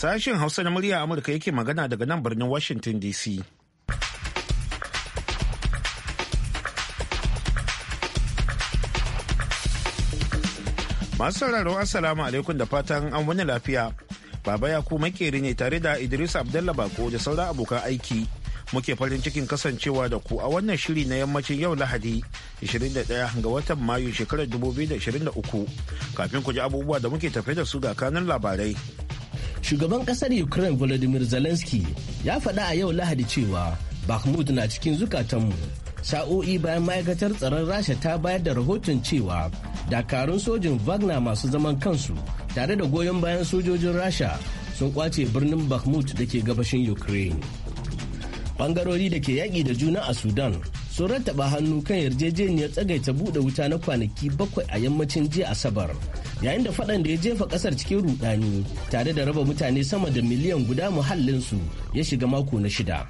Sashen Hausa na murya Amurka yake magana daga nan birnin Washington DC. Masu sauraro Assalamu alaikum da fatan an wani lafiya. Baba Yaku makeri ne tare da Idris Abdullah Bako da sauran abokan aiki. Muke farin cikin kasancewa da ku a wannan shiri na yammacin yau Lahadi 21 ga watan Mayu shekarar 2023. Kafin ku ji abubuwa da muke tafe da su ga kanun labarai. shugaban kasar ukraine volodymyr zelensky ya faɗa a yau lahadi cewa bakhmut na cikin zukatanmu sa'o'i bayan ma'aikatar tsaron rasha ta bayar da rahoton cewa dakarun sojin wagner masu zaman kansu tare da goyon bayan sojojin rasha sun kwace birnin bakhmut da ke gabashin ukraine bangarori da ke yaƙi da juna a sudan sun rattaba hannu kan yarjejeniyar tsagaita buɗe wuta na kwanaki bakwai a yammacin jiya asabar yayin da faɗan da ya jefa kasar cikin rudani tare da raba mutane sama da miliyan guda muhallinsu ya shiga mako na shida.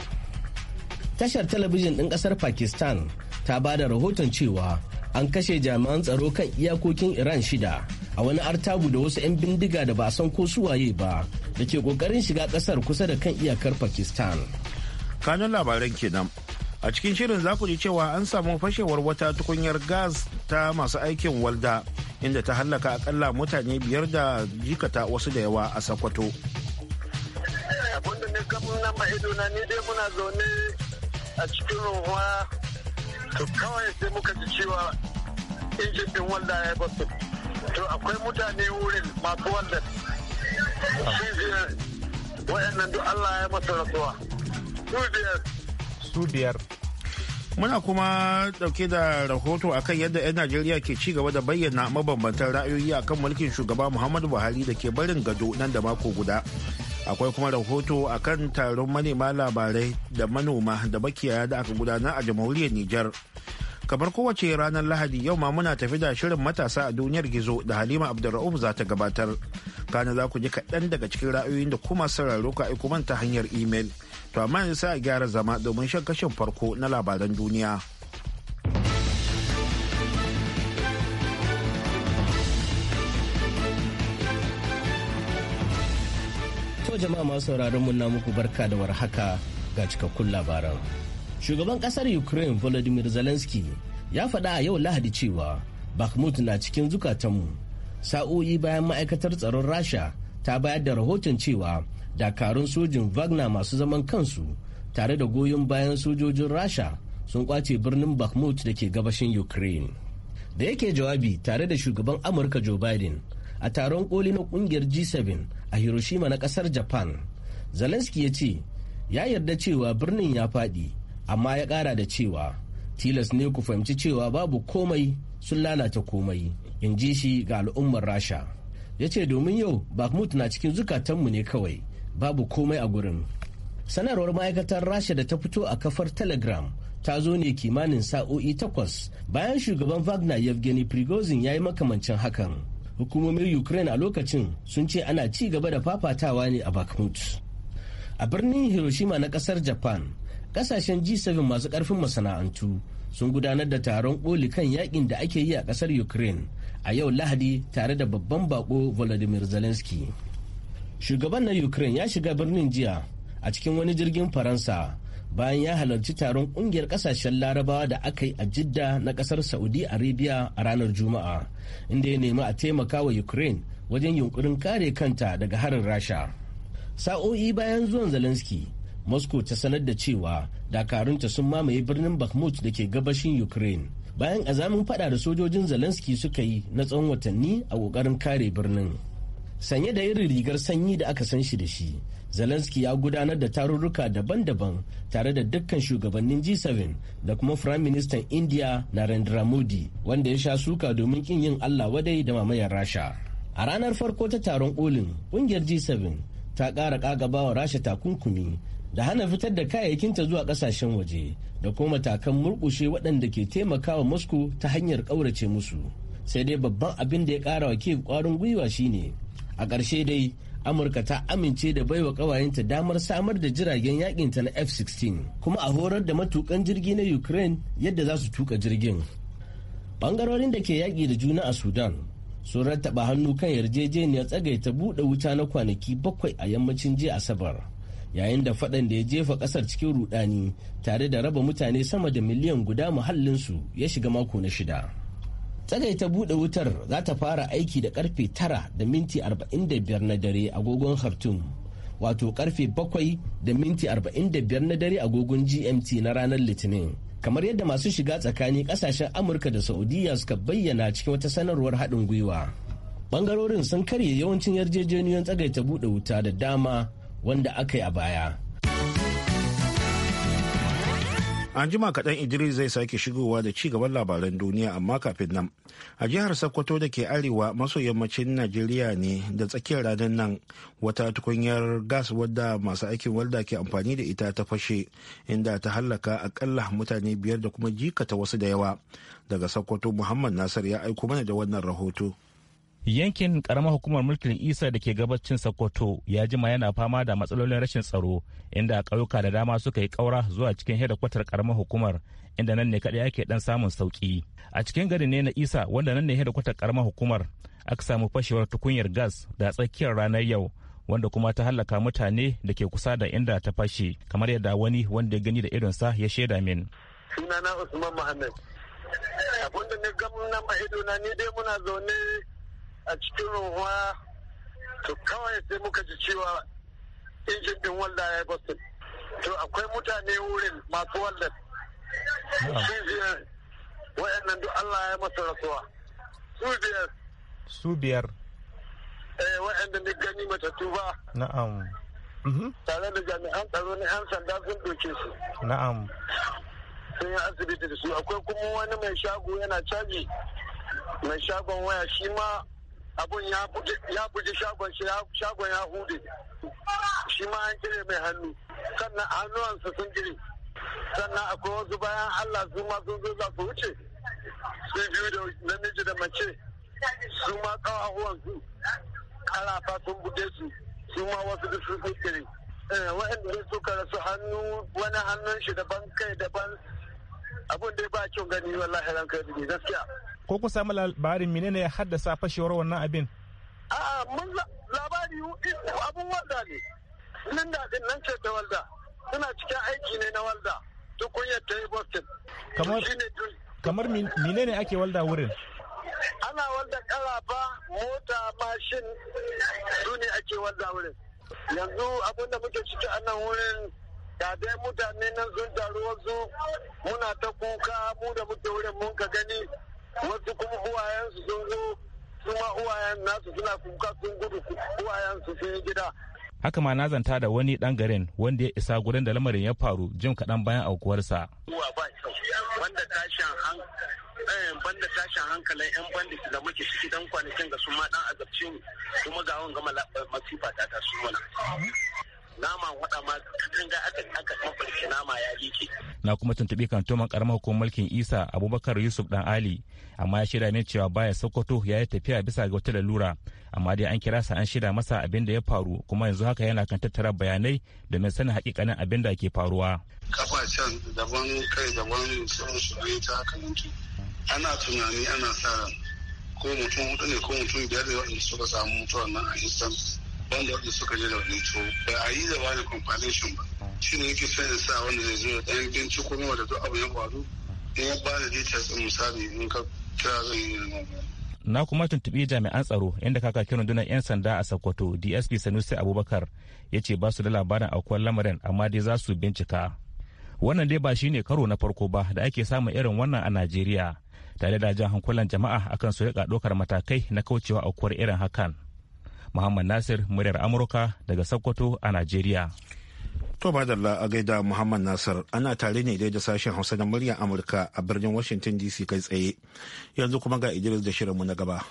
Tashar talabijin ɗin ƙasar Pakistan ta ba da rahoton cewa an kashe jami'an tsaro kan iyakokin Iran shida a wani artabu da wasu 'yan bindiga da ba a san ko su waye ba da ke ƙoƙarin shiga ƙasar kusa da kan iyakar Pakistan. Kanun labaran kenan a cikin shirin za ku ji cewa an samu fashewar wata tukunyar gas ta masu aikin walda inda ta hallaka akalla mutane biyar da jikata wasu da yawa a Sokoto. Abinda ne kamun nan ba ido na ni dai muna zaune a cikin ruwa to kawai sai muka ji cewa injin din wanda ya basu. To akwai mutane wurin masu wanda. Waɗannan duk Allah ya masa rasuwa. Su biyar. Su biyar. Muna kuma dauke da rahoto akan yadda 'yan Najeriya ke ci gaba da bayyana mabambantan ra'ayoyi akan mulkin shugaba Muhammadu Buhari da ke barin gado nan da mako guda. Akwai kuma rahoto a kan taron manema labarai da manoma da makiyaya da aka gudana a jamhuriyar Nijar. Kamar kowace ranar Lahadi yau ma muna tafi da shirin matasa a duniyar gizo da Halima Abdulra'uf za ta gabatar. Kana za ku ji kaɗan daga cikin ra'ayoyin da kuma sauraro ka aiko ta hanyar imel. To amma yanzu sai a gyara zama domin shan kashin farko na labaran duniya. To jama'a masu sauraron mun muku barka da warhaka ga cikakkun labaran. Shugaban kasar Ukraine Volodymyr Zelensky ya faɗa a yau Lahadi cewa Bakhmut na cikin zukatanmu. Sa'o'i bayan ma'aikatar tsaron Rasha ta bayar da rahoton cewa dakarun sojin wagner masu zaman kansu tare da goyon bayan sojojin rasha sun kwace birnin bakhmut da ke gabashin ukraine da yake jawabi tare da shugaban amurka joe biden a taron koli na kungiyar g7 a hiroshima na kasar japan zelensky ya ce ya yarda cewa birnin ya faɗi amma ya ƙara da cewa tilas ne ku fahimci cewa babu komai sun lalata komai in ji shi ga al'ummar rasha ya ce domin yau bakhmut na cikin zukatanmu ne kawai babu komai a gurin sanarwar ma'aikatar rasha da ta fito a kafar telegram ta zo ne kimanin sa'o'i takwas bayan shugaban wagner yevgeny prigozhin ya yi makamancin hakan hukumomin ukraine a lokacin sun ce ana ci gaba da fafatawa ne a bakhmut a birnin hiroshima na kasar japan kasashen g7 masu karfin masana'antu sun gudanar da taron koli kan yakin da ake yi a kasar ukraine a yau lahadi tare da babban bako volodymyr zelensky shugaban na ukraine ya shiga birnin jiya a cikin wani jirgin faransa bayan ya halarci taron kungiyar kasashen larabawa da aka yi a jidda na kasar saudi arabia a ranar juma'a inda ya nemi a taimaka wa ukraine wajen yunkurin kare kanta daga harin rasha sa'o'i bayan zuwan zelensky moscow ta sanar da cewa dakarunta sun mamaye birnin bakhmut da ke gabashin ukraine bayan azamin fada da sojojin zelensky suka yi na tsawon watanni a kokarin kare birnin sanye da irin rigar sanyi da aka san shi da shi zelensky ya gudanar da tarurruka daban-daban tare da dukkan shugabannin g7 da kuma prime minister india narendra modi wanda ya sha suka domin kin yin allah wadai da mamayar rasha a ranar farko ta taron kolin kungiyar g7 ta ƙara ƙagabawa wa rasha takunkumi da hana fitar da kayayyakinta zuwa ƙasashen waje da kuma matakan murƙushe waɗanda ke taimakawa moscow ta hanyar ƙaurace musu sai dai babban abin da ya ƙara wa ke ƙwarin gwiwa shine a ƙarshe dai amurka ta amince da baiwa ƙawayenta damar samar da jiragen yakinta na f-16 kuma a horar da matukan jirgi na ukraine yadda za su tuka jirgin ɓangarorin da ke yaƙi da juna a sudan sun rattaba hannu kan yarjejeniyar tsagaita buɗe wuta na kwanaki bakwai a yammacin jiya asabar yayin da faɗan da ya jefa ƙasar cikin rudani tare da raba mutane sama da miliyan guda muhallinsu ya shiga mako na shida tsagaita buɗe wutar za ta fara aiki da karfe 9 da minti 45 na dare agogon khartoum wato karfe 7 da minti 45 na dare agogon gmt na ranar litinin kamar yadda masu shiga tsakani kasashen amurka da saudiya suka bayyana cikin wata sanarwar haɗin gwiwa bangarorin sun karye yawancin yarjejeniyoyin tsagaita buɗe wuta da dama wanda aka yi a baya An jima kaɗan Idris zai sake shigowa da ci gaban labaran duniya amma kafin nan. A jihar Sokoto da ke arewa maso yammacin Najeriya ne da tsakiyar ranar nan wata tukunyar gas wadda masu aikin walda ke amfani da ita ta fashe inda ta hallaka akalla mutane biyar da kuma jikata wasu da yawa. Daga Sokoto Muhammad nasar ya aiko mana da wannan rahoto. yankin karamar hukumar mulkin isa da ke gabacin sokoto ya jima yana fama da matsalolin rashin tsaro inda ƙauyuka da dama suka yi ƙaura zuwa cikin hedakwatar karamar hukumar inda nan ne kaɗai ake ɗan samun sauƙi a cikin gari ne na isa wanda nan ne hedakwatar karamar hukumar aka samu fashewar tukunyar gas da tsakiyar ranar yau wanda kuma ta hallaka mutane da ke kusa da inda ta fashe kamar yadda wani wanda ya gani da idonsa ya shaida min. sunana usman muhammad abinda ne gamnan a idona ni dai muna zaune a cikin ruwa to kawai sai muka ji cewa injin din walla ya basu to akwai mutane wurin masu wallan su biyar wa'annan duk Allah ya masa rasuwa su biyar su biyar eh wa'anda ni gani matattu ba na'am mhm. tare da jami'an tsaro na 'yan sanda sun doke su na'am sun yi asibiti da su akwai kuma wani mai shago yana caji mai shagon waya shi ma abun ya buji shagon shi shagon ya hude shi ma an kire mai hannu sannan hannuwansa sun gire sannan akwai wasu bayan allah su ma sun zo za su wuce su biyu da namiji da mace su ma su karafa sun buge su su ma wasu da sun gire eh, waɗanda da suka rasu hannu wani hannun shi daban kai daban abun dai ba kyau gani wallahi ran kai gaskiya ko kun samu labarin menene ya haddasa fashewar wannan abin a'a mun labari abun walda ne da din nan ce ta walda suna cikin aiki ne na walda tukunyar ta yi boston kamar kamar menene ake walda wurin ana walda ba mota mashin su ne ake walda wurin yanzu abinda muke ciki a nan wurin da dai mutane nan sun taru wasu muna ta kuka mu da muke wurin mun ka gani wasu kuma uwayensu sun zo su ma uwayen nasu suna kuka sun gudu uwayensu sun yi gida haka ma na zanta da wani dan garin wanda ya isa gurin da lamarin ya faru jim kaɗan bayan aukuwarsa. Eh, banda tashin hankalin 'yan bandit da muke ciki dan kwanakin ga su ma dan azabce mu kuma ga wanga masifa ta ta su Na ma waɗa ma kan ga aka Na kuma tuntuɓi toman karamar hukumar mulkin Isa Abubakar Yusuf Dan Ali amma ya shirya min cewa baya Sokoto ya yi tafiya bisa ga wata lalura amma dai an kira sa an shirya masa abin da ya faru kuma yanzu haka yana kan tattara bayanai domin sanin hakikanin abin da ke faruwa. Kafacen daban kai daban sun shirya ta haka ana tunani ana sa ko mutum hudu ne ko mutum biyar da waɗanda suka samu mutuwa nan a instant wanda waɗanda suka je da wani to ba a yi da wani compilation ba shi ne yake son sa wanda zai zo ya ɗan binciko kuma da abu ya faru in ya ba da details ɗin misali in ka kira zan yi na kuma tuntuɓi jami'an tsaro inda kakaki rundunar 'yan sanda a sokoto dsp sanusi abubakar ya ce ba su da labarin aukuwar lamarin amma dai za su bincika wannan dai ba shine karo na farko ba da ake samun irin wannan a najeriya tare da jan hankulan jama'a akan su rika ɗaukar matakai na kaucewa aukuwar irin hakan muhammad nasir muryar amurka daga sokoto a najeriya To madalla a gaida Muhammad Nasir ana tare ne dai da sashen Hausa na muryar Amurka a birnin Washington DC kai tsaye. Yanzu kuma ga Idris da shirinmu na gaba.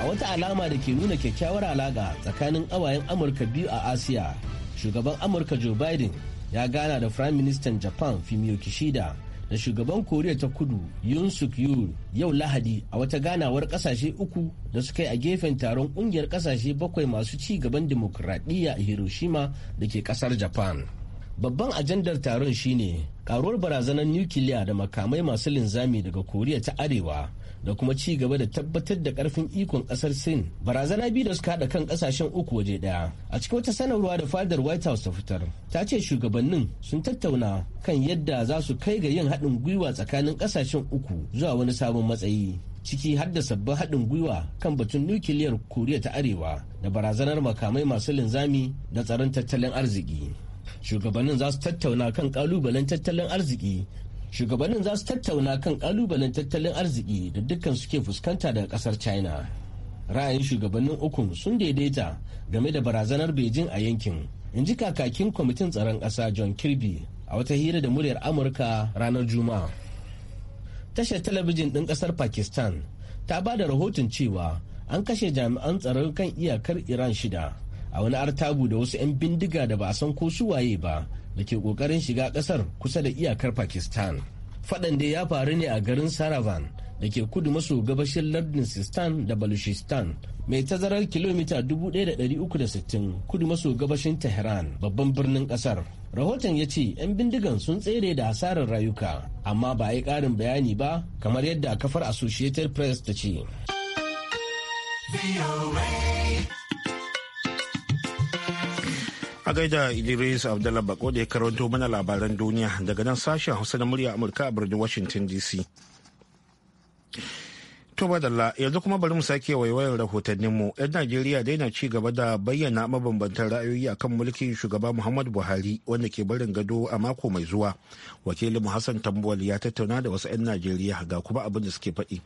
A wata alama da ke nuna kyakkyawar alaƙa tsakanin ƙawayen Amurka biyu a Asiya, shugaban Amurka Joe Biden ya gana da Prime Minister Japan Fumio Kishida da shugaban koriya ta kudu yun suk yul yau lahadi a wata ganawar kasashe uku da suka yi a gefen taron kungiyar kasashe bakwai masu ci gaban dimokuraɗiyya a hiroshima da ke kasar japan babban ajandar taron shine karuwar barazanar nukiliya da makamai masu linzami daga koriya ta arewa da kuma ci gaba da tabbatar da karfin ikon kasar sin barazana biyu da suka hada kan kasashen uku waje daya a cikin wata sanarwa da fadar white house ta fitar ta ce shugabannin sun tattauna kan yadda za su kai ga yin haɗin gwiwa tsakanin kasashen uku zuwa wani sabon matsayi ciki har da sabbin haɗin gwiwa kan batun nukiliyar koriya ta arewa da barazanar makamai masu linzami da tsaron tattalin arziki shugabannin za su tattauna kan kalubalen tattalin arziki shugabannin za su tattauna kan kalubalen tattalin arziki da dukkan suke fuskanta daga kasar china ra'ayin shugabannin ukun sun daidaita game da barazanar beijing a yankin in ji kakakin kwamitin tsaron ƙasa john kirby a wata hira da muryar amurka ranar juma'a tashar talabijin ɗin ƙasar pakistan ta ba da rahoton cewa an kashe jami'an tsaron kan iyakar iran shida a wani artabu da wasu 'yan bindiga da ba a san ko su waye ba da ke kokarin shiga kasar kusa da iyakar pakistan faɗan da ya faru ne a garin saravan da ke kudu maso gabashin lardin da balushistan mai tazarar kilomita 1360 kudu maso gabashin tehran babban birnin kasar rahoton ya ce 'yan bindigan sun tsere da hasarar rayuka amma ba a yi ƙarin bayani ba kamar yadda kafar associated press ta ce A gaida Idris Abdullah Bako da ya karanto mana labaran duniya daga nan sashen Hausa na murya Amurka a birnin Washington DC. To yanzu kuma bari mu sake waiwayar rahotanninmu. 'Yan Najeriya dai na ci gaba da bayyana mabambantan ra'ayoyi a kan mulkin shugaba Muhammadu Buhari wanda ke barin gado a mako mai zuwa. wakilinmu Hassan Tambuwal ya tattauna da wasu 'yan Najeriya ga kuma abin da suke faɗi.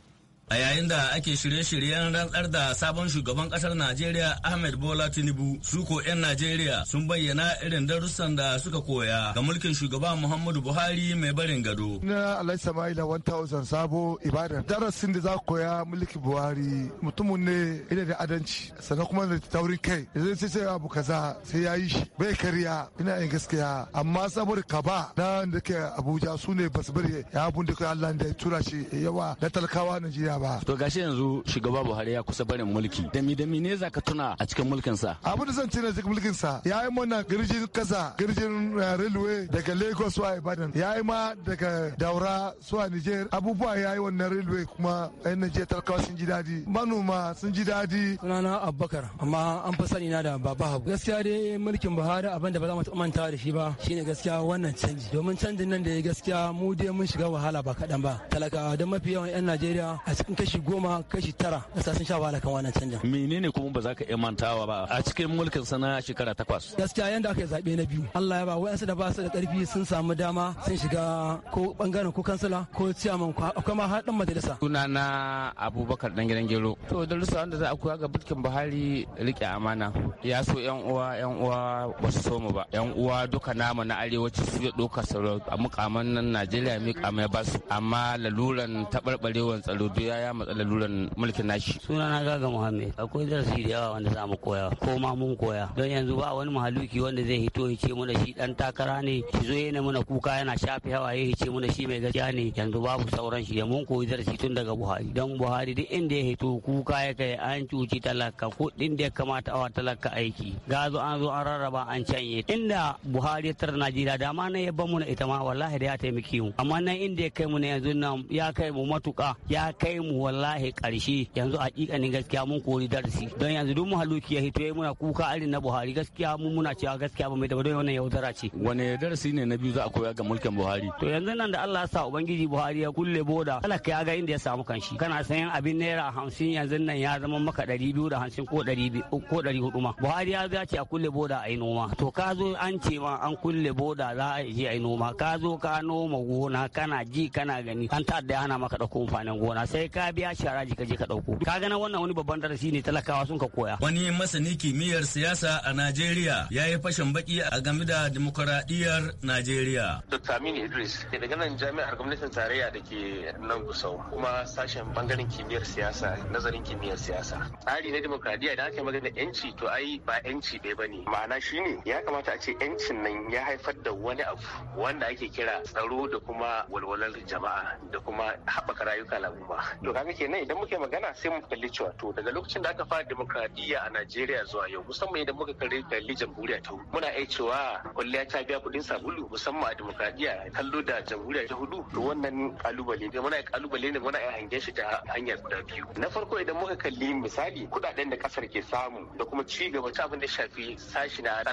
a yayin da ake shirye-shiryen rantsar da sabon shugaban kasar najeriya ahmed bola tinubu su ko 'yan najeriya sun bayyana irin darussan da suka koya ga mulkin shugaba muhammadu buhari mai barin gado na alhaji sama'ila 1000 sabo ibadan darasin da za ku koya mulkin buhari mutumin ne ina da adanci sannan kuma da taurin kai idan sai sai abu kaza sai ya yi shi bai kariya ina yin gaskiya amma saboda kaba na da ke abuja su ne basu bari ya abun da kai allah da ya tura shi yawa na talakawa najeriya lafiya ba to gashi yanzu shugaba Buhari ya kusa barin mulki dami dami ne zaka tuna a cikin mulkin sa abin da zan tuna cikin mulkin sa yayi mana girjin kasa girjin eh, railway daga Lagos zuwa Ibadan yayi ma daga Daura zuwa Niger abubuwa yayi wannan railway kuma ɗan Niger talakawa sun ji dadi manoma sun ji dadi sunana Abubakar amma an fa sani na da Baba Habu gaskiya dai mulkin Buhari abin da ba za mu manta da shi ba shine gaskiya wannan canji domin canjin nan da ya gaskiya mu dai mun shiga wahala ba kaɗan ba talakawa don mafi yawan 'yan Najeriya a cikin kashi goma kashi tara na sassan sha wahala kan wannan canjin. menene kuma ba za ka iya mantawa ba a cikin mulkin sana shekara takwas. gaskiya yanda aka yi zaɓe na biyu Allah ya ba wa'yansu da ba su da ƙarfi sun samu dama sun shiga ko bangaren ko kansila ko ciyaman ko akwai ma haɗin majalisa. na abubakar dan gidan gero. to darussa wanda za a koya ga mulkin buhari riƙe amana ya so yan uwa yan uwa ba su so mu ba yan uwa duka nama na arewacin su ya ɗauka a muƙaman nan najeriya ƙamai ba su. amma laluran taɓarɓarewar tsaro duk ya matsalar matsa mulkin nashi suna na gaga muhammed akwai darasi da yawa wanda za mu koya ko ma mun koya don yanzu ba wani mahaluki wanda zai hito ya ce mana shi dan takara ne shi zo yana mana kuka yana shafe hawa ya ce mana shi mai gaskiya ne yanzu babu sauran shi da mun koyi darasi tun daga buhari don buhari duk inda ya hito kuka ya kai an cuci talaka din da ya kamata awa talaka aiki ga zo an zo an rarraba an canye inda buhari ya tara najeriya dama na ya ban mu na ita ma wallahi da ya taimaki mu amma nan inda ya kai mu na yanzu nan ya kai mu matuka ya kai mu wallahi karshe yanzu hakikanin gaskiya mun kori darasi don yanzu duk mu haluki ya hito muna kuka irin na Buhari gaskiya mun muna cewa gaskiya ba mai da don wannan yaudara ce Wani darasi ne na biyu za a koya ga mulkin Buhari to yanzu nan da Allah ya sa ubangiji Buhari ya kulle boda kala ka ga inda ya samu kanshi kana sayan abin naira hamsin yanzu nan ya zama maka ɗari biyu da hamsin ko ɗari ko ɗari hudu ma Buhari ya zo ya ce a kulle boda a yi noma to ka zo an ce ma an kulle boda za a je a yi noma ka zo ka noma gona kana ji kana gani an ta da hana maka ɗauko amfanin gona sai ka biya sharaji ka je ka dauko ka ga wannan wani babban darasi ne talakawa sun ka koya wani masani kimiyyar siyasa a Najeriya ya yi fashin baki a game da demokuraɗiyyar Najeriya Dr. Aminu Idris ke daga nan jami'ar gwamnatin tarayya da ke nan Gusau kuma sashen bangaren kimiyyar siyasa nazarin kimiyyar siyasa tsari na demokradiyya da aka magana yanci to ai ba yanci ɗaya bane ma'ana shine ya kamata a ce yancin nan ya haifar da wani abu wanda ake kira tsaro da kuma walwalar jama'a da kuma haɓaka rayuka al'umma to kaga kenan idan muke magana sai mu kalli cewa daga lokacin da aka fara demokradiyya a Najeriya zuwa yau musamman idan muka kalli kalli jamhuriya ta hudu muna iya cewa kwalliya ta biya kudin sabulu musamman a demokradiyya kallo da jamhuriya ta hudu to wannan kalubale ne muna kalubale ne muna hange shi ta hanyar guda biyu na farko idan muka kalli misali kudaden da kasar ke samu da kuma ci gaba ta abin da shafi sashi na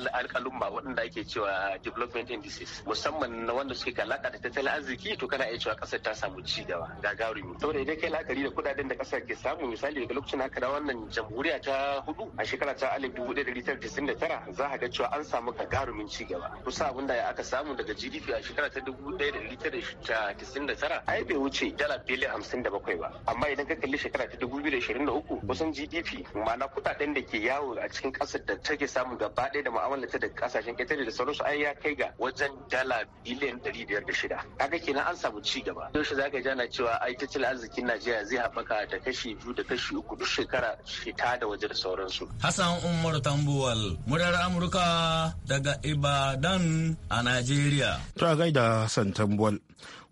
ba waɗanda ake cewa development indices musamman na wanda suke alaka da tattalin arziki to kana iya cewa kasar ta samu ci gaba gagarumi saboda idan kai la'akari da kudaden da kasar ke samu misali daga lokacin haka da wannan jamhuriya ta hudu a shekara ta alif dubu ɗaya da tasirin da tara za a ga cewa an samu gagarumin ci gaba kusa abin da aka samu daga gdp a shekara ta dubu ɗaya da tara tisin da tara ai bai wuce dala biliyan hamsin da bakwai ba amma idan ka kalli shekara ta dubu biyu da ashirin da uku kusan gdp ma'ana kudaden da ke yawo a cikin kasar da take samu gaba ɗaya da ma'amala ta da kasashen ƙetare da sauransu ai ya kai ga wajen dala biliyan ɗari biyar da shida kaga kenan an samu ci gaba shi za ka ana cewa ai tattalin arzikin najeriya jiya zai haɓaka da kashi biyu da kashi uku duk shekara fita da waje da sauransu. Hassan Umar Tambuwal, murar Amurka daga Ibadan a Najeriya. Ta gaida Hassan Tambuwal.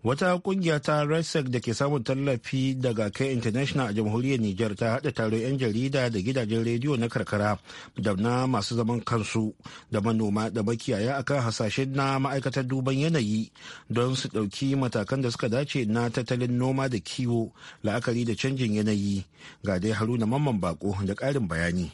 wata kungiya ta resec da ke samun tallafi daga kai international a jamhuriyar niger ta haɗa taro 'yan jarida da gidajen rediyo na karkara da na masu zaman kansu da manoma da makiyaya akan hasashen na ma'aikatar duban yanayi don su ɗauki matakan da suka dace na tattalin noma da kiwo la'akari da canjin yanayi ga dai haruna mamman bako da ƙarin bayani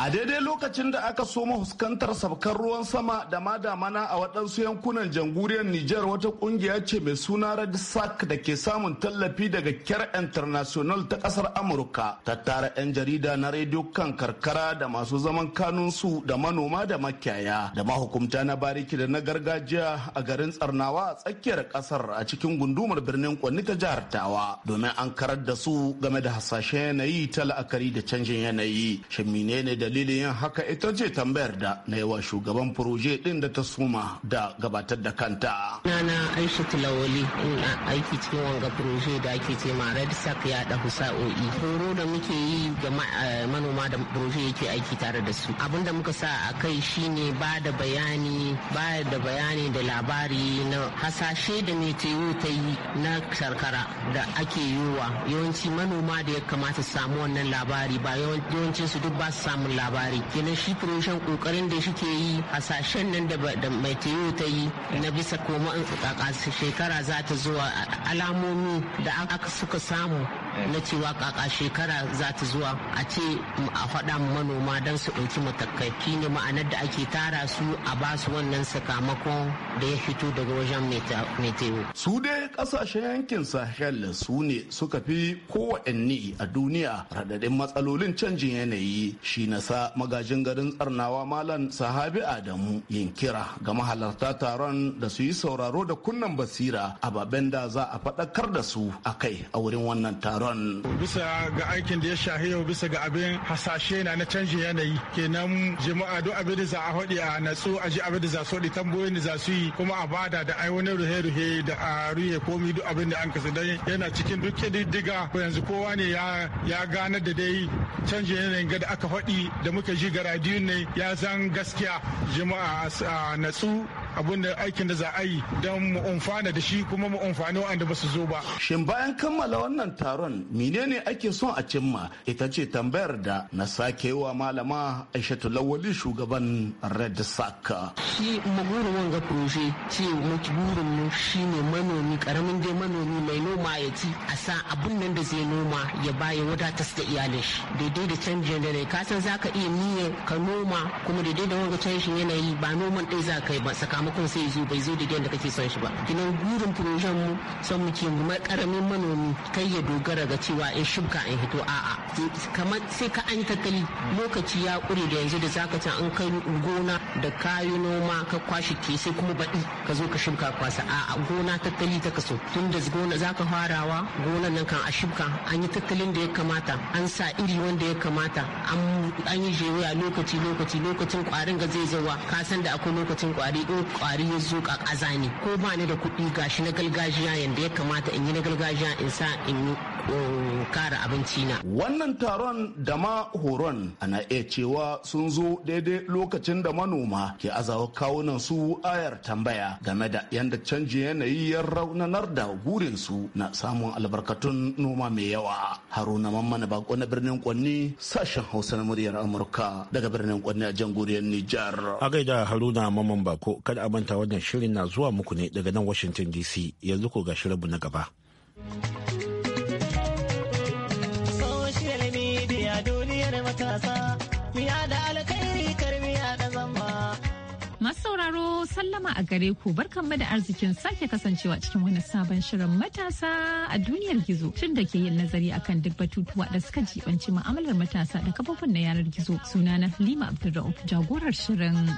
A daidai lokacin da aka soma huskantar sabkar ruwan sama da ma damana a waɗansu yankunan jamhuriyar Nijar wata ƙungiya ce mai suna Red Sack da ke samun tallafi daga kyar International ta ƙasar Amurka tattara 'yan jarida na rediyo kan karkara da masu zaman kanunsu da manoma da makiyaya da mahukumta na bariki da na gargajiya a garin Tsarnawa a tsakiyar ƙasar a cikin gundumar birnin Kwanni ta jihar Tawa domin an karar da su game da hasashen yanayi ta la'akari da canjin yanayi. Shin menene da dalilin yin haka ita ce tambayar da na yawa shugaban proje din da ta suma da gabatar da kanta. na Aisha Tilawali ina aiki cikin wanga proje da ake ce ma Red Sack ya da husa'o'i. Horo da muke yi ga eh, manoma da proje yake aiki tare da su. Abin da muka sa a kai shine ba da bayani ba da bayani da labari na hasashe da meteo ta yi na karkara da ake yiwa yawanci manoma da ya kamata su samu wannan labari ba yawancin duk ba su samun labari kenan shi furoshen kokarin da shi ke yi hasashen nan da mai tayo ta yi na bisa koma shekara za ta zuwa alamomi da aka suka samu na cewa kaka shekara za ta zuwa a ce a faɗa manoma don su ɗauki matakaki ne ma'anar da ake tara su a ba su wannan sakamakon da ya fito daga wajen meteo. su dai ƙasashen yankin sahel su ne suka fi kowanne a duniya radadin matsalolin canjin yanayi shi na sa magajin garin tsarnawa malam sahabi adamu yin kira ga mahalarta taron da su yi sauraro da kunnan basira ababen da za a faɗakar da su a kai a wurin wannan taron London. Bisa ga aikin da ya shahi yau bisa ga abin hasashe na na canjin yanayi kenan jama'a duk abin da za a haɗe a natsu a ji abin da za su haɗi tambayoyin da za su yi kuma a bada da ai wani ruhe-ruhe da a ruhe komi duk abin da an kasa dai yana cikin duk diddiga ko yanzu kowa ne ya ganar da dai canjin yanayin ga da aka haɗi da muka ji ga radiyon ne ya zan gaskiya jama'a a natsu abin da aikin da za a yi don mu amfana da shi kuma mu amfani wa'anda ba su zo ba. Shin bayan kammala wannan taron menene ake son a cimma ita ce tambayar da na sake wa malama aishatu lawali shugaban red sack shi mugurin wanga proje ce maki burin mu shine manomi karamin dai manomi mai noma ya ci a sa abun nan da zai noma ya baya wadatas da iyalin shi daidai da canjin da ka san zaka iya niyya ka noma kuma daidai da wanga canjin yanayi ba noman ɗaya za ka yi ba sakamakon sai zo bai zo da da kake son shi ba kinan gurin projen mu son muke mu karamin manomi kai ya dogara daga cewa in shuka in hito a'a kamar sai ka an takali lokaci ya kure da yanzu da zaka can an kai gona da kayi noma ka kwashi ke sai kuma baɗi ka zo ka shuka kwasa a'a gona tattali ta kaso tun da gona zaka farawa gonan nan kan a shuka an yi tattalin da ya kamata an sa iri wanda ya kamata an yi jewaya lokaci lokaci lokacin kwarin ga zai zawa ka san da akwai lokacin kwari in kwari ya zo ka kaza ne ko ba ni da kuɗi gashi na gargajiya yanda ya kamata in yi na gargajiya in sa in yi kara abinci na. Wannan taron da ma horon ana iya cewa sun zo daidai lokacin da manoma ke azawa kawunan su ayar tambaya game da yadda canji yanayi ya raunanar da gurinsu na samun albarkatun noma mai yawa. Haruna Mamman Bako na birnin Kwanni sashen Hausa na muryar Amurka daga birnin Kwanni a jamhuriyar Nijar. A gaida Haruna Mamman Bako kada a manta wannan shirin na zuwa muku ne daga nan Washington DC yanzu ko ga shirin na gaba. thank you sallama a gare ku barkanmu da arzikin sake kasancewa cikin wani sabon shirin matasa a duniyar gizo tun da ke yin nazari akan duk batutuwa da suka jibanci ma'amalar matasa da kafofin na yanar gizo suna na Halima Abdulrauf jagorar shirin.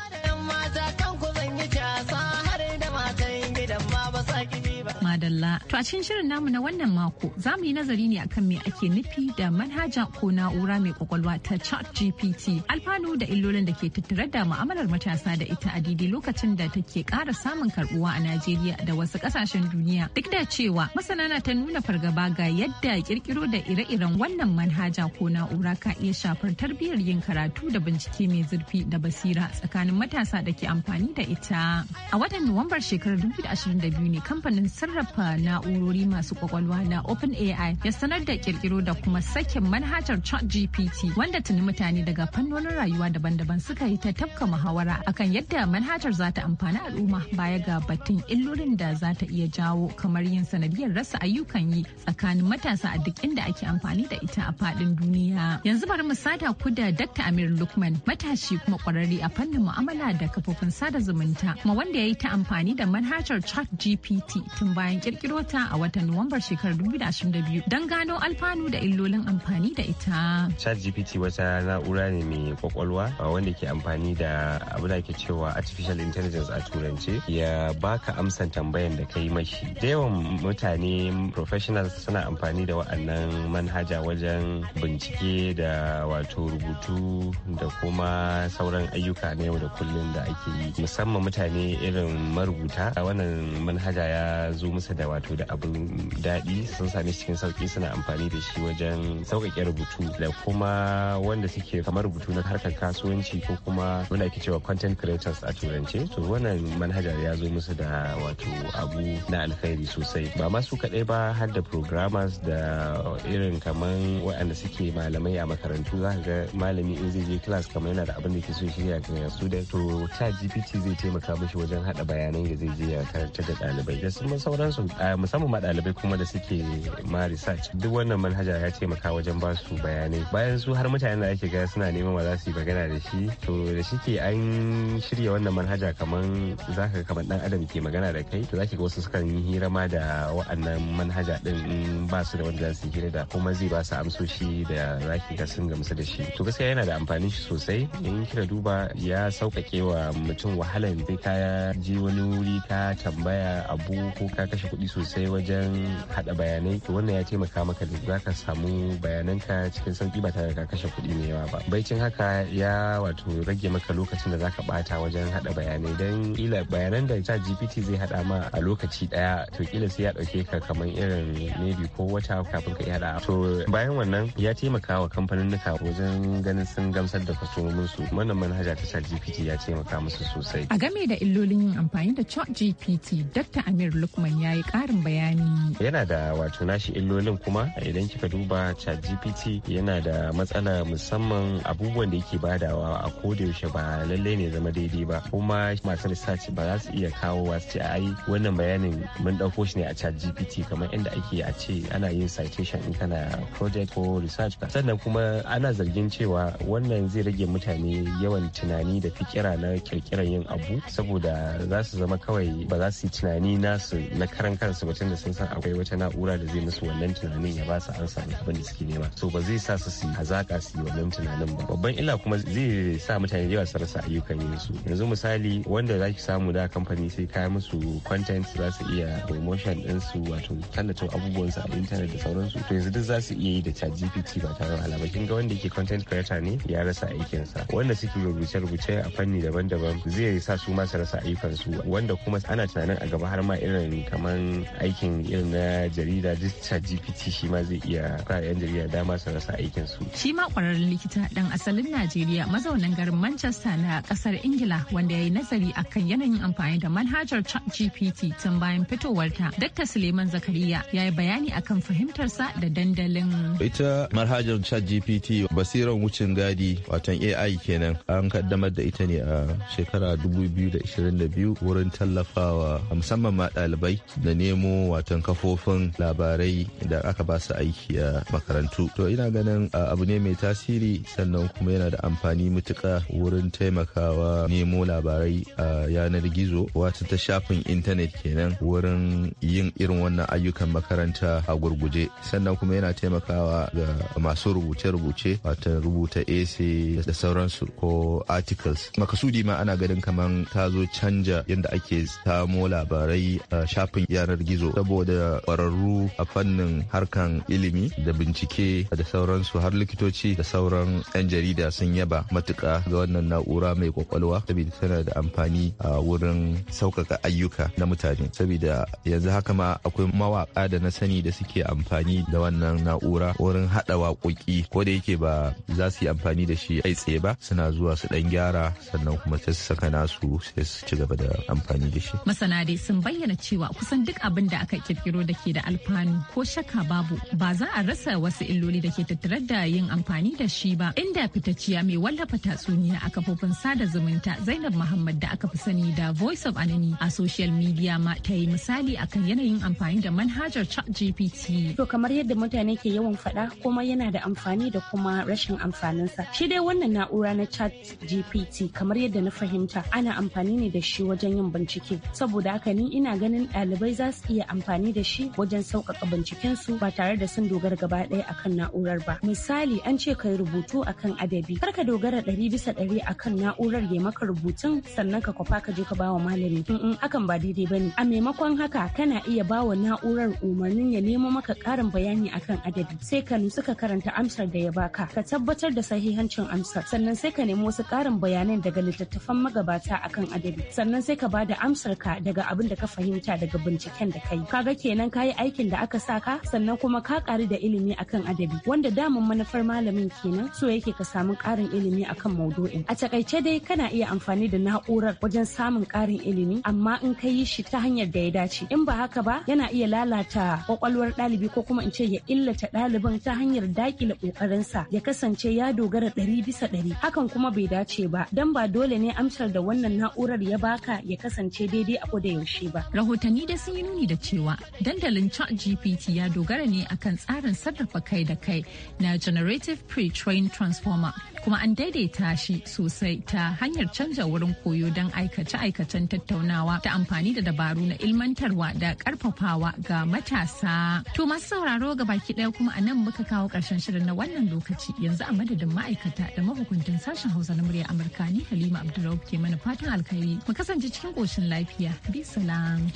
madalla. To a cikin shirin namu na wannan mako za mu yi nazari ne akan me ake nufi da manhaja ko na'ura mai kwakwalwa ta chat GPT. Alfanu da illolin da ke tattare da mu'amalar matasa da ita a didi lokacin da take ƙara samun karbuwa a Najeriya da wasu ƙasashen duniya. Duk da cewa masana na ta nuna fargaba ga yadda ƙirƙiro da ire-iren wannan manhaja ko na'ura ka iya shafar tarbiyyar yin karatu da bincike mai zurfi da basira tsakanin matasa da ke amfani da ita. A watan Nuwambar shekarar 2022 ne kamfanin sarrafa kafa na'urori masu kwakwalwa na OpenAI ya sanar da kirkiro da kuma sakin manhajar gpt wanda tuni mutane daga fannonin rayuwa daban-daban suka yi ta tafka muhawara akan yadda manhajar za ta amfani al'umma baya ga batun illolin da za ta iya jawo kamar yin sanadiyar rasa ayyukan yi tsakanin matasa a duk inda ake amfani da ita a fadin duniya. Yanzu bari mu sada ku da Dr. Amir Lukman matashi kuma kwararre a fannin mu'amala da kafofin sada zumunta kuma wanda ya yi ta amfani da manhajar gpt tun bayan kirkiro ta a watan Nuwambar shekarar 2022 don gano alfanu da illolin amfani da ita. gpt wata na'ura ne mai kwakwalwa wanda ke amfani da abu da ke cewa artificial intelligence a turance ya baka amsan tambayan da ka mashi. Da yawan mutane professionals suna amfani da wa'annan manhaja wajen bincike da wato rubutu da kuma sauran ayyuka na yau da kullum da ake yi. Musamman mutane irin marubuta a wannan manhaja ya zo musu su da wato da abun daɗi sun same cikin sauƙi suna amfani da shi wajen sauƙaƙe rubutu da kuma wanda suke kamar rubutu na harkar kasuwanci ko kuma wanda ake cewa content creators a turance to wannan manhajar ya zo musu da wato abu na alkhairi sosai ba ma su kaɗai ba har da programmers da irin kamar waɗanda suke malamai a makarantu za ga malami in zai je class kamar yana da abin da ke so shi ya su da to chat gpt zai taimaka mishi wajen haɗa bayanai da zai je ya karanta da ɗalibai da sauran sauransu musamman ma ɗalibai kuma da suke ma research duk wannan manhaja ya taimaka wajen ba su bayanai bayan su har mutane da ake ga suna neman ba za su yi magana da shi to da shi ke an shirya wannan manhaja kaman za ka kamar dan adam ke magana da kai to ki ga wasu sukan yi hira ma da wa'annan manhaja din in ba su da wanda za su yi hira da kuma zai ba su amsoshi da ki ga sun gamsu da shi to gaskiya yana da amfani shi sosai in kira duba ya sauƙaƙe wa mutum wahalan da ka je wani wuri ka tambaya abu ko ka kashe kuɗi sosai wajen haɗa bayanai to wannan ya taimaka maka da za ka samu bayananka cikin sauki ba tare da ka kashe kuɗi mai yawa ba baicin haka ya wato rage maka lokacin da za ka ɓata wajen haɗa bayanai don kila bayanan da ta gpt zai haɗa ma a lokaci ɗaya to kila sai ya ɗauke ka kamar irin maybe ko wata kafin ka iya haɗa to bayan wannan ya taimaka wa kamfaninnika wajen ganin sun gamsar da su wannan manhaja ta chat gpt ya taimaka musu sosai a game da illolin yin amfani da chat gpt dr amir lukman ya ya yi karin bayani. Yana da wato nashi illolin kuma idan kika duba gpt yana da matsala musamman abubuwan da yake badawa a koda yaushe ba lallai ne zama daidai ba kuma masu research ba za su iya kawo wasu ce ai wannan bayanin mun dauko shi ne a gpt kamar inda ake a ce ana yin citation in kana project ko research ka sannan kuma ana zargin cewa wannan zai rage mutane yawan tunani da fikira na kirkirar yin abu saboda za su zama kawai ba za su yi tunani nasu na karan kansu batun da sun san akwai wata na'ura da zai musu wannan tunanin ya ba su ansa da abin da suke nema so ba zai sa su su hazaka su yi wannan tunanin ba babban illa kuma zai sa mutane da yawa su rasa ayyukan yin su yanzu misali wanda za ki samu da kamfani sai kaya musu content za su iya promotion din su wato tallata abubuwan su a internet da sauransu to yanzu duk za su iya yi da chat gpt ba tare da wahala ba kin ga wanda yake content creator ne ya rasa aikinsa wanda suke rubuce-rubuce a fanni daban-daban zai sa su ma su rasa ayyukan su wanda kuma ana tunanin a gaba har ma irin kamar kamar aikin irin na jarida duk chat gpt shi ma zai iya ba yan jarida dama su rasa aikin su shi ma kwararren likita dan asalin najeriya mazaunin garin manchester na kasar ingila wanda ya yi nazari akan yanayin amfani da manhajar chat gpt tun bayan fitowarta dr suleiman zakariya ya yi bayani akan fahimtarsa da dandalin ita manhajar chat gpt basiran wucin gadi watan ai kenan an kaddamar da ita ne a shekara 2022 wurin tallafawa musamman ma ɗalibai da nemo watan kafofin labarai da aka ba su aiki a makarantu to ina ganin abu ne mai tasiri sannan kuma yana da amfani mutuka wurin taimakawa nemo labarai a yanar gizo wata ta shafin intanet kenan wurin yin irin wannan ayyukan makaranta a gurguje sannan kuma yana taimakawa ga masu rubuce-rubuce wata rubuta ese da sauransu ko articles makasudi ma ana ganin kamar ta zo canja yadda ake samo labarai a shafin yanar gizo saboda ƙwararru a fannin harkan ilimi da bincike da sauransu har likitoci da sauran 'yan jarida sun yaba matuka ga wannan na'ura mai kwakwalwa saboda tana da amfani a wurin sauƙaƙa ayyuka na mutane saboda yanzu haka ma akwai mawaƙa da na sani da suke amfani da wannan na'ura wurin haɗa waƙoƙi ko da yake ba za su yi amfani da shi kai tsaye ba suna zuwa su ɗan gyara sannan kuma sai su saka nasu sai su ci gaba da amfani da shi. Masana dai sun bayyana cewa kusan duk abin da aka kirkiro da ke da alfanu ko shaka babu ba za a rasa wasu illoli da ke tattare da yin amfani da shi ba inda fitacciya mai wallafa tatsuniya a kafofin sada zumunta zainab muhammad da aka fi sani da voice of anani a social media ma ta yi misali akan yanayin amfani da manhajar chat gpt to kamar yadda mutane ke yawan faɗa kuma yana da amfani da kuma rashin amfaninsa shi dai wannan na'ura na chat gpt kamar yadda na fahimta ana amfani ne da shi wajen yin bincike saboda haka ni ina ganin ɗalibai ɗalibai za su iya amfani da shi wajen sauƙaƙa su ba tare da sun dogara gaba ɗaya akan na'urar ba. Misali an ce ka yi rubutu akan adabi. Kar ka dogara ɗari bisa ɗari akan na'urar ya maka rubutun sannan ka kwafa ka je ka bawa malami. In hakan ba daidai ba ne. A maimakon haka kana iya bawa na'urar umarnin ya nemo maka ƙarin bayani akan adabi. Sai ka nutsu ka karanta amsar da ya baka. Ka tabbatar da sahihancin amsar. Sannan sai ka nemi wasu ƙarin bayanan daga littattafan magabata akan adabi. Sannan sai ka ba da amsar ka daga abin da ka fahimta daga binciken da kai kaga kenan kayi aikin da aka sa ka sannan kuma ka karu da ilimi akan adabi wanda damun manufar malamin kenan so yake ka samu karin ilimi akan maudu'in a takaice dai kana iya amfani da na'urar wajen samun ƙarin ilimi amma in ka yi shi ta hanyar da ya dace in ba haka ba yana iya lalata kwakwalwar ɗalibi ko kuma in ce ya illata ɗaliban ta hanyar dakile ƙoƙarinsa ya kasance ya dogara ɗari bisa ɗari hakan kuma bai dace ba dan ba dole ne amsar da wannan na'urar ya baka ya kasance daidai a kodayaushe yaushe ba rahotanni da sun yi nuni da cewa dandalin gpt ya dogara ne akan tsarin sarrafa kai da kai na Generative Pre-trained Transformer kuma an daidaita shi sosai ta hanyar canja wurin koyo don aikace-aikacen tattaunawa ta amfani da dabaru na ilmantarwa da karfafawa ga matasa. To masu sauraro ga baki ɗaya kuma a nan muka kawo ƙarshen shirin na wannan lokaci yanzu a madadin ma'aikata da mahukuntan sashen Hausa na murya Amurka ni Halima Abdulrahman ke mana fatan alkhairi mu kasance cikin koshin lafiya. Bi salam.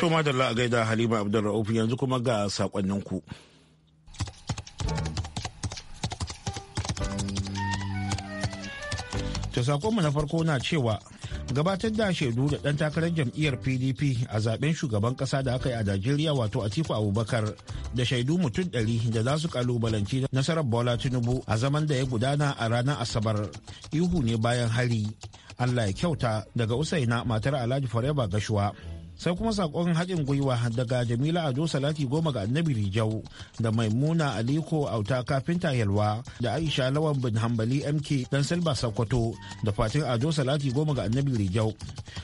To madalla a gaida Halima Abdulra'uf yanzu kuma ga sakonnin ta To mu na farko na cewa gabatar da shaidu da ɗan takarar jam'iyyar PDP a zaben shugaban ƙasa da aka yi a Najeriya wato Atiku Abubakar da shaidu mutum ɗari da za su kalubalanci nasarar Bola Tinubu a zaman da ya gudana a ranar Asabar ihu ne bayan hari Allah ya kyauta daga Usaina matar Alhaji Forever Gashuwa. sai kuma sakon haɗin gwiwa daga jamila ado salati goma ga annabi rijau da maimuna aliko auta kafinta yalwa da aisha lawan bin hambali mk dan silba sokoto da fatin ado salati goma ga annabi rijau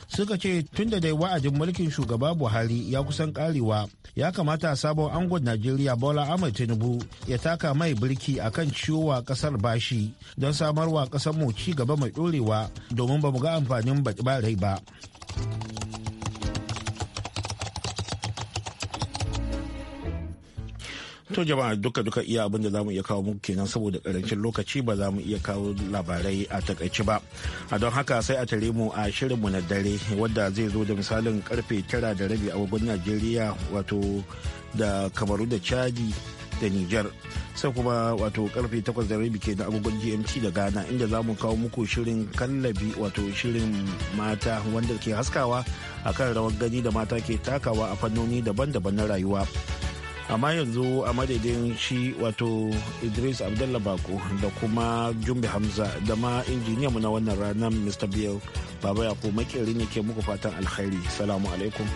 suka ce tun da dai wa'adin mulkin shugaba buhari ya kusan karewa ya kamata sabon angon najeriya bola ahmed tinubu ya taka mai birki akan ciwowa kasar bashi don samarwa kasar mu ci gaba mai dorewa domin ba mu ga amfanin baɗi ba rai ba To jama'a duka duka iya abin da zamu iya kawo muku kenan saboda karancin lokaci ba za mu iya kawo labarai a takaici ba. A don haka sai a tare mu a shirin mu na dare wadda zai zo da misalin karfe tara da rabi agogon Najeriya wato da Kamaru da Chadi da Nijar. Sai kuma wato karfe takwas da rabi kenan agogon GMT da Ghana inda zamu kawo muku shirin kallabi wato shirin mata wanda ke haskawa akan rawar gani da mata ke takawa a fannoni daban-daban na rayuwa. amma yanzu a madadin shi wato idris abdullahi bako da kuma jumbe hamza da ma mu na wannan ranar mr bill baba ya ko makeri ne ke muku fatan alkhairi salamu alaikum